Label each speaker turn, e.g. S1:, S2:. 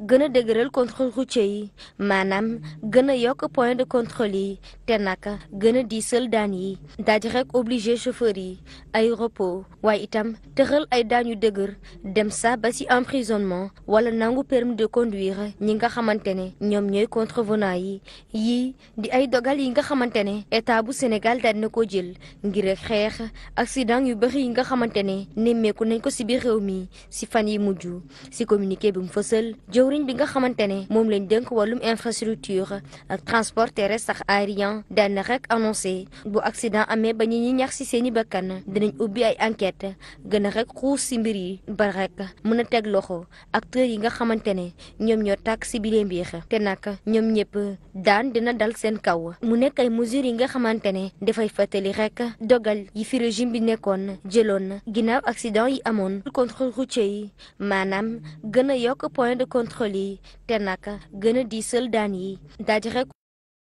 S1: gën a dëgëral contrôle routier yi maanaam gën a yokk point de contrôle yi te naka gën a diisal daan yi daaji rek obligé chauffeur yi ay repos waaye itam tëral ay daan yu dëgër dem sa ba ci emprisonnement wala nangu permis de conduire ñi nga xamante ne ñoom ñooy contrevenant yi yii di ay dogal yi nga xamante ne état bu Sénégal daal na ko jël ngir rek xeex accident yu bëri yi nga xamante ne nemmeeku nañ ko ci biir réew mi ci fan yi mujj ci communiqué bi mu jëwriñ bi nga xamante ne moom lañ dënk wàllum infrastructure ak transport terrestre ak aérien daan annoncé bu accident amee ba ñu ñi ñax si seen i bakkan dinañ ubbi ay enquête gën a rek xuus si mbir yi ba rek mën a teg loxo acteurs yi nga xamante ne ñoom ñoo tàkk si bilee mbiix te nag ñoom ñëpp daan dina dal seen kaw mu nekk ay mesures yi nga xamante ne dafay fàttali rek dogal yi fi régime bi nekkoon jëloon ginnaaw accident yi amoon contrôle routier yi xol yi te naka gën di diisal daan yi daaj